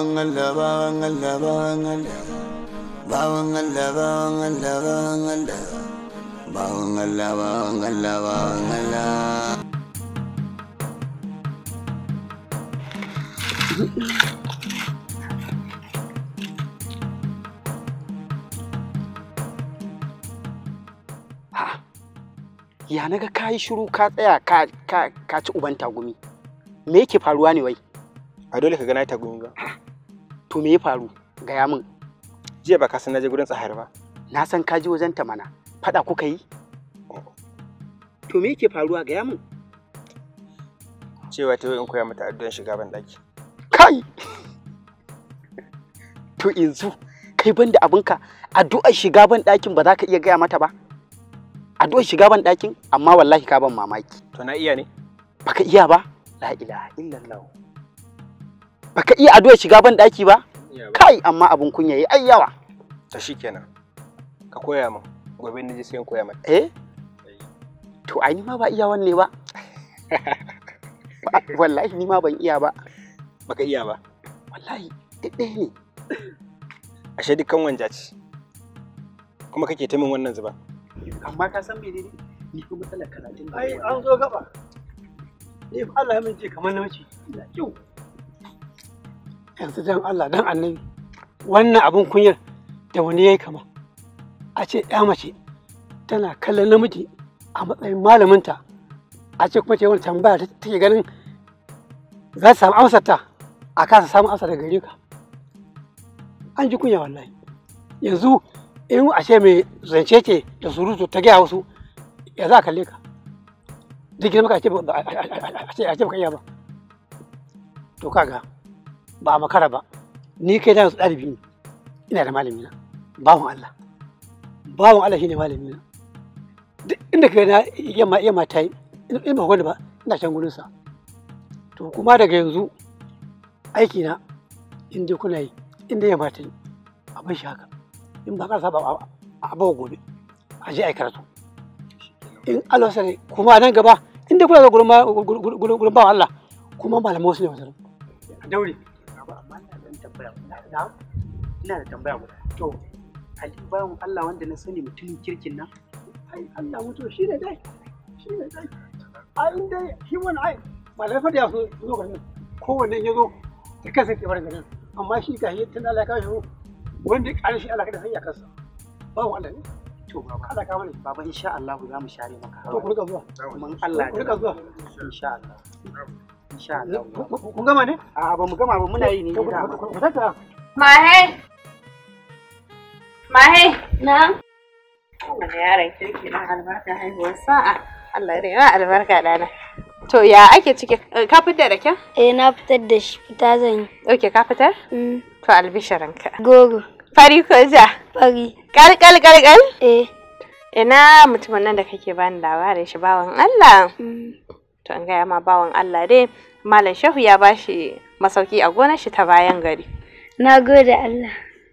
bawan ya naga ka yi shiru ka tsaya ka ci uban tagumi me yake faruwa ne wai a dole ka gana tagumi ba to me ya faru gaya min jiya ba ka san naje gurin tsahar ba na san ka je wajen ta mana fada kuka yi to me yake faruwa gaya min cewa ta in koya mata addu'an shiga ban daki kai to yanzu kai banda abinka addu'ar shiga ban dakin ba za ka iya gaya mata ba addu'ar shiga ban dakin amma wallahi ka ban mamaki to na iya ne baka iya ba la ilaha illallah baka iya addu'ar shiga ban daki ba kai amma abun kunya yi ai yawa to shikenan ka koya min gobe na je sai koya mata eh to ai ni ma ba iya wanne ba wallahi ni ma ban iya ba baka iya ba wallahi ɗaya ne ashe dukkan wanja ce kuma kake ta min wannan zuba amma ka san ne ni kuma matsalar karatun ai an zo gaba ni eh, fa Allah ya min je kamar namiji yau yanzu dan Allah dan annabi wannan abin kunyar da wani ya yi kama a ce ya mace tana kallon namiji a matsayin malaminta a ce kuma ce wani tambaya ta take ganin za ta samu amsar ta a kasa samu amsa daga gare ka an ji kunya wallahi yanzu in ashe mai zance ce da surutu ta gaya wasu ya za a kalle ka duk girma ka ce ba ka iya ba to kaga ba makara ba ni kai na ɗalibi ne ina da malami na bawan Allah bawan Allah shine malami na duk inda kai na yamma yamma tayi in ba wani ba ina can gurin sa to kuma daga yanzu aiki na in dai kuna yi in dai yamma tayi a bar shi haka in ba karsa ba a bawa gobe a je ai karatu in Allah sare kuma nan gaba in dai kuna da gurin bawan Allah kuma malamai wasu ne wasu daure tambaya guda na ina da tambaya guda to ali bayan Allah wanda na sani mutumin kirkin nan ai Allah mutu shi ne dai shi ne dai ai dai human ai ba da su zo ga nan ko wanne ya zo ta ke bari garin amma shi ga tun Allah ya kawo shi wanda ƙarshe Allah ka da sanya kansa bawan Allah ne to baba Allah ka mana baba insha Allah za mu share maka to ku rika zuwa mun Allah ku rika zuwa insha Allah insha Allah mun eh, gama ne a ba mu gama ba muna yi ne mahe mahe na Allah ya yaran kirki na albarka haihuwar sa'a Allah ya rayuwa albarka ɗana. to ya ake cike eh, ka fitar da kyan eh na fitar da shi fita zan yi okay ka fitar mm. to albisharanka gogo fari ko ja fari kal kal kal eh ina mutumin nan da kake bani labarin shi bawan Allah mm. to an gaya ma bawan Allah dai malam shehu ya bashi masauki a gonar shi ta bayan gari na gode Allah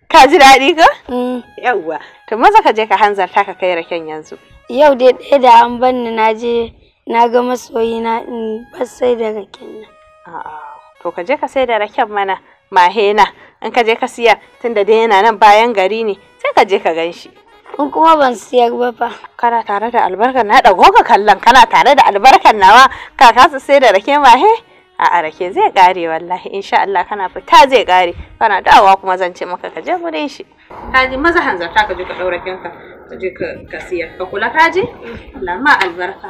ka ji daɗi ka mm. yawwa to maza ka je ka hanzarta ka kai raken yanzu yau dai ɗaya da an banni na je na ga masoyina in sai da raken nan a'a to ka je ka sai da raken mana mahena in ka je ka siya tunda dai yana nan bayan gari ne sai ka je ka ganshi. in kuma ban siyar ba fa kana tare da albarkar na dago ka kallon kana tare da albarkar nawa kaka su sai da rake ma he a rake zai kare wallahi insha Allah kana fita zai kare kana dawowa kuma zan ce maka ka je wurin shi kaji maza hanzarta ka je ka daura kinka ka je ka siya ka kula kaji Allah ma albarka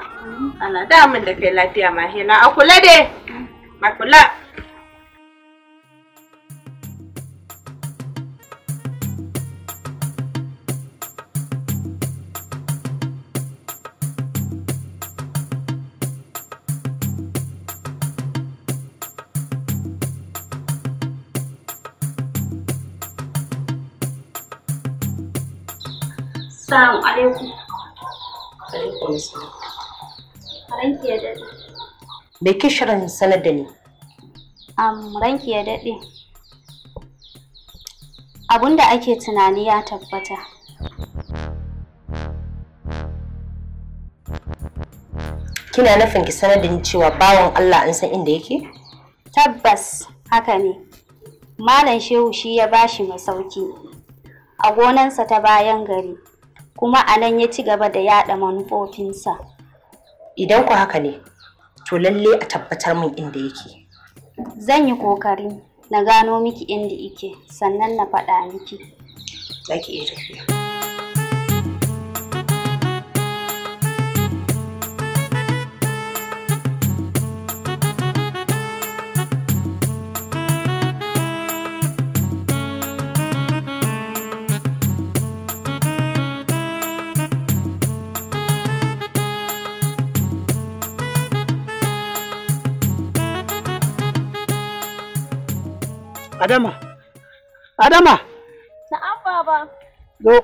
Allah da mun da kai lafiya ma he na akula de kula. Salamu alaikum. Alaikum salam. Ranki ya daɗe. Me ke shirin sanar da ni? Um, ranki ya daɗe. Abun da ake tunani ya tabbata. Kina nufin ki sanar da ni cewa bawan Allah an san inda yake? Tabbas haka ne. Malam Shehu shi ya bashi masauki a gonansa ta bayan gari. kuma a nan ya ci gaba da yada manufofinsa. Idan ku haka ne, to lalle a tabbatar min inda yake. Zan yi kokari na gano miki inda ike sannan na faɗa miki. Za ki iya tafiya. Adama. Adama. Na'am baba. Zo.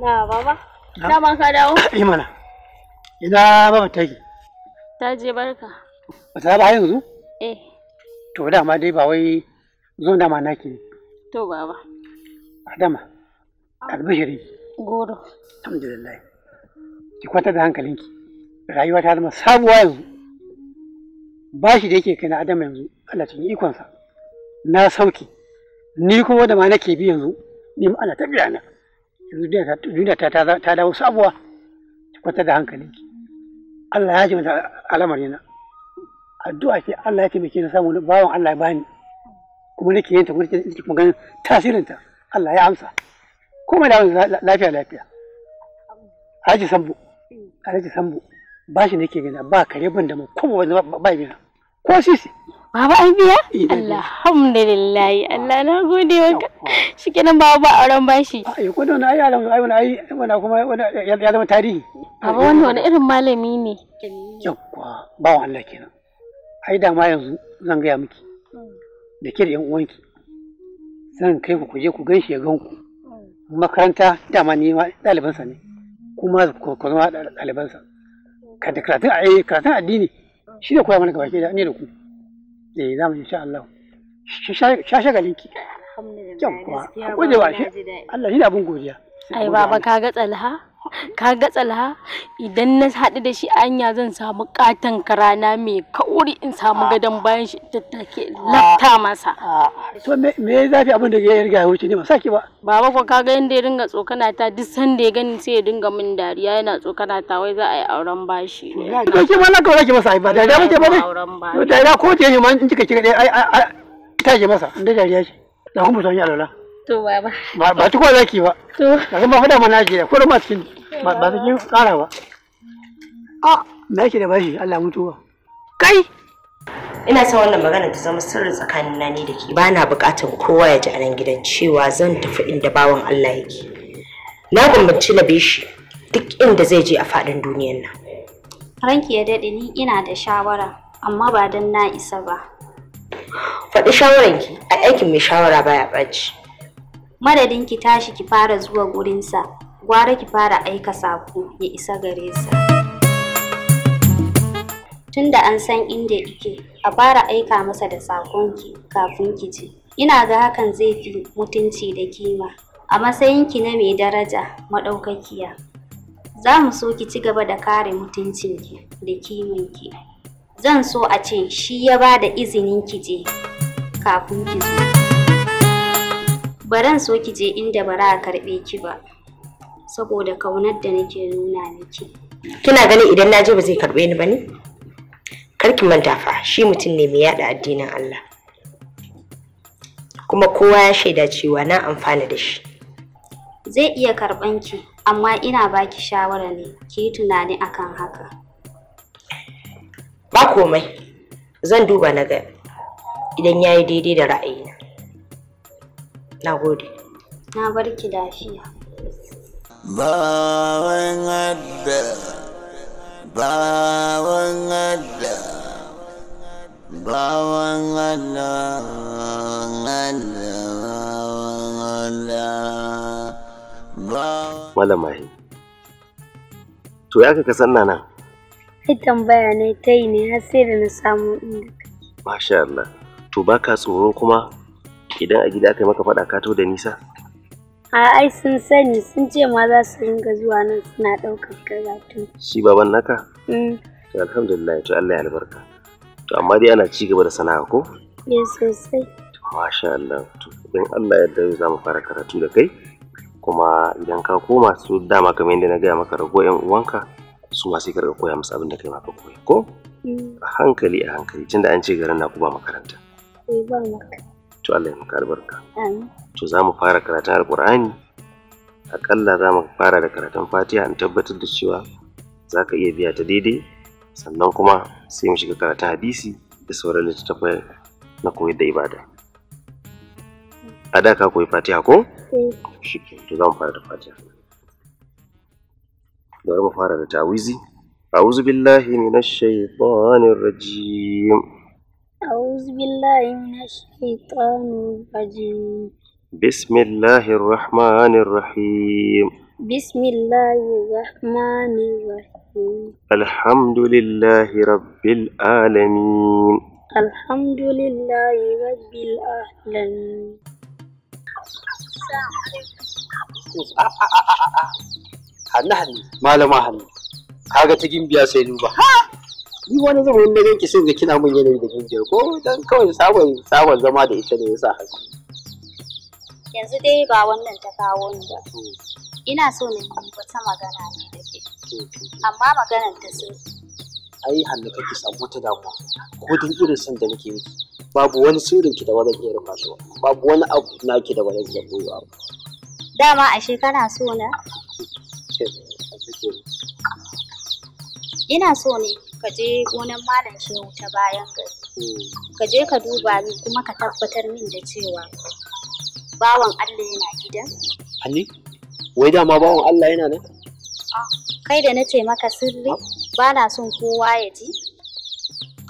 Na baba. Na ban ka dawo. Eh mana. Ina baba ta yi. Ta je barka. Ba ta ba yanzu? Eh. To dama dai ba wai zo dama naki ne. To baba. Adama. Albishiri. Goro. Alhamdulillah. Ki kwanta da hankalinki. Rayuwa ta zama sabuwa yanzu. bashi da yake kai na adam yanzu Allah cikin ikonsa na sauki ni kuma da ma nake bi yanzu ni ma Allah ta biya na yanzu duniya ta ta dawo sabuwa ta kwata da hankali. Allah ya ji mata al'amari na addu'a ce Allah ya ce taimake na samu bawan Allah ya bani kuma nake yin ta kuma nake kuma ganin tasirin ta Allah ya amsa kuma da lafiya lafiya Haji Sambo Alhaji Sambo ba shi nake gina ba kare ban da mu kuma ba ba gina ko sisi Baba an biya? Alhamdulillah. Allah na gode maka. Shikenan baba ba auren bashi. Ah, ai ko da wani yaron ai wani ai wani kuma ya zama tarihi. Baba wannan wani irin malami ne. Yawwa ba Allah kenan. Ai da ma yanzu zan gaya miki. Da ke da yan uwanki. Zan kai ku kuje ku ganshi ya gan ku. Makaranta dama ni ma ɗalibansa ne. Kuma ku zama ɗalibansa. Karatun addini. shi da koya mana gaba ke da ne da ku eh za mu insha Allah sha shagalin ki alhamdulillah gaskiya shi. Allah shi da abun godiya ai baba ka ga tsalha ka ga tsala idan na haɗu da shi anya zan samu katon karana mai kauri in samu gadon bayan shi tattake lafta masa to me ya zafi abin da ya riga ya wuce ne ba saki ba baba ko ka ga ya dinga tsokana ta duk sanda ya gani sai ya dinga min dariya yana tsokana ta wai za a yi auren bashi ne ki ma laka wala ki masa ba da da ke ba ne da ya ko ce ne ma in kika kira dai ai ta je masa inda dariya ce na kuma mutane alala To baba. Ba ci ko zaki ba. To. ga ma fada mana ajiye, ko da ma cikin ba ba su ba a me yake da bashi Allah mutuwa kai ina son wannan magana ta zama sirri tsakanin na ni da ke ba na bukatan kowa ya ji a nan gidan cewa zan tafi inda bawan Allah yake na gumbaci na shi duk inda zai je a faɗin duniyar nan ranki ya daɗe ni ina da shawara amma ba dan na isa ba faɗi ki, a aikin mai shawara baya ɓaci madadin ki tashi ki fara zuwa gurinsa gwara ki fara aika sako ya isa gare sa tunda an san inda ike a fara aika masa da sakonki kafin ki ji, ina ga hakan zai fi mutunci da kima a matsayin ki na mai daraja maɗaukakiya za mu so ki ci gaba da kare mutuncinki da kimanki zan so a ce shi ya ba da izinin ki je kafin ki zo baran so ki je inda za a karɓe ki ba saboda kaunar da nake nuna miki kina ganin idan na je ba zai karbe ni ba ne karki manta fa shi mutum ne mai yaɗa addinin Allah kuma kowa ya shaida cewa na amfana da shi zai iya karɓan ki amma ina baki shawara ne ki yi tunani akan haka ba komai zan duba na ga idan ya yi daidai da ra'ayina na gode na barki lafiya bawan Allah bawan Allah bawan Allah Malama he. To ya ka san nan? Ai tambaya ne ta yi ne har sai da na samu inda kake. Masha Allah. To baka tsoro kuma idan a gida aka yi maka faɗa ka to da nisa? A'a, ai sun sani sun ce ma za su ringa zuwa nan suna ɗaukar karatu shi baban naka mm. to alhamdulillah to Allah ya albarka to amma dai ana ci gaba da sana'a ko eh sosai masha Allah to idan Allah ya yarda za mu fara karatu da kai kuma idan ka koma su dama kamar yadda na gaya maka rago yan uwanka su ma sai ka koya musu abin da kai ma ka koya ko mm. a hankali a hankali tunda an ce garin na ku ba makaranta eh, ba makaranta to Allah ya maka albarka to za mu fara karatun alkur'ani akalla za mu fara da karatun fatiha in tabbatar da cewa za ka iya biya ta daidai sannan kuma sai mu shiga karatun hadisi da sauran littattafai na koyar da ibada a da ka koyi fatiha ko eh. shi to za mu fara da fatiha bari mu fara da tawizi أعوذ بالله من الشيطان الرجيم أعوذ بالله من الشيطان الرجيم بسم الله الرحمن الرحيم بسم الله الرحمن الرحيم الحمد لله رب العالمين الحمد لله رب العالمين hannu نحن ما hannu ما حاجة gimbiya بيا duba ni wani zubin da ganki ki ga kina mun yanayi da gingiyar ko dan kawai sabon sabon zama da ita ne yasa haka yanzu dai ba wannan ta kawo ni ba hmm. ina so ne yi wata magana ne da ke hmm, hmm, amma maganar ta so ai hannu kake samu ta damuwa ko dan irin san da nake yi babu wani sirrin ki da wani iya rufa su babu wani abu naki da wani iya koyo dama a shekara so na ina so ne ka je gonan malam shehu ta bayan gari hmm. ka je ka duba ni kuma ka tabbatar min da cewa bawan Allah yana gidan Ali wai dama bawan Allah yana nan kai da na ce maka sirri ba na son kowa ya ji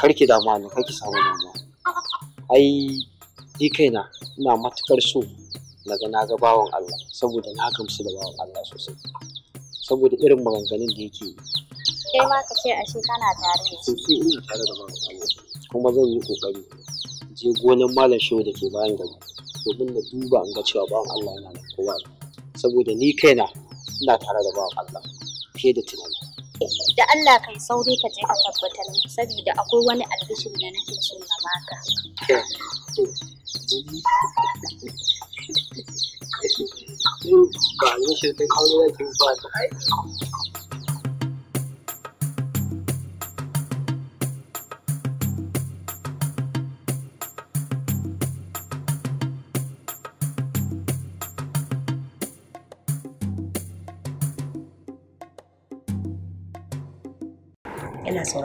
karki da malam karki samu dama ai ni kaina ina matukar so ga na ga bawan Allah saboda na gamsu da bawan Allah sosai saboda irin maganganun da yake yi kai ma ka ce a ashe kana tare da shi sai ina tare da babu Allah kuma zan yi kokari je gonan malam shehu da ke bayan gari domin na duba in ga cewa bawan Allah yana da kowa saboda ni kaina ina tare da bawan Allah fiye da tunani da Allah kai sauri ka je ka tabbatar saboda akwai wani albishin da nake so na baka ba ne shi ta kawo yake ba ta aiki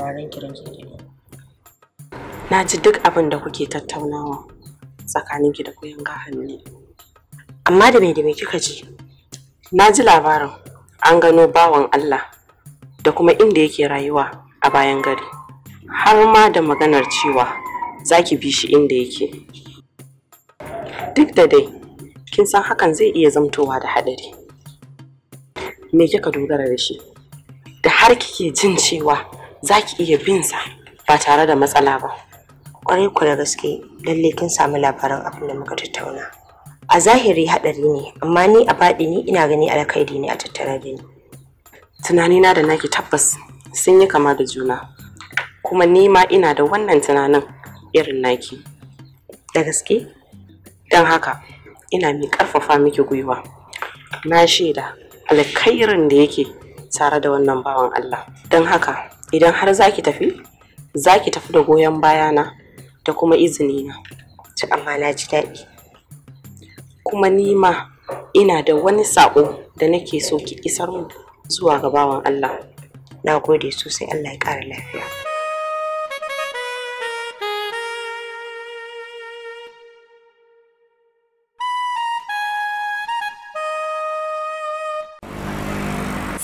sauraron kiran na ji duk abin da kuke tattaunawa tsakaninki da kuyan hannu amma da me da me kika ji na ji labarin an gano bawan Allah da kuma inda yake rayuwa a bayan gari har ma da maganar cewa za ki bi shi inda yake duk da dai kin san hakan zai iya zamtowa da haɗari me kika dogara da shi da har kike jin cewa za ki iya bin sa ba tare da matsala ba. Kwarai ku da gaske lalle kin sami labarin abin da muka tattauna. A zahiri haɗari ne, amma ni a baɗi ni ina gani alkaidi ne a tattare da ni. Tunanina da naki tabbas sun yi kama da juna, kuma ni ma ina da wannan tunanin irin naki. Da gaske? Don haka, ina mai ƙarfafa miki gwiwa. Na shaida alkhairin da yake tare da wannan bawan Allah. Don haka, idan har za ki tafi za ki tafi da goyon baya na, da kuma izini na ci amma na ji daɗi kuma nima ina da wani saƙo da nake so ki isar mu zuwa ga bawan Allah na gode sosai Allah ya ƙara lafiya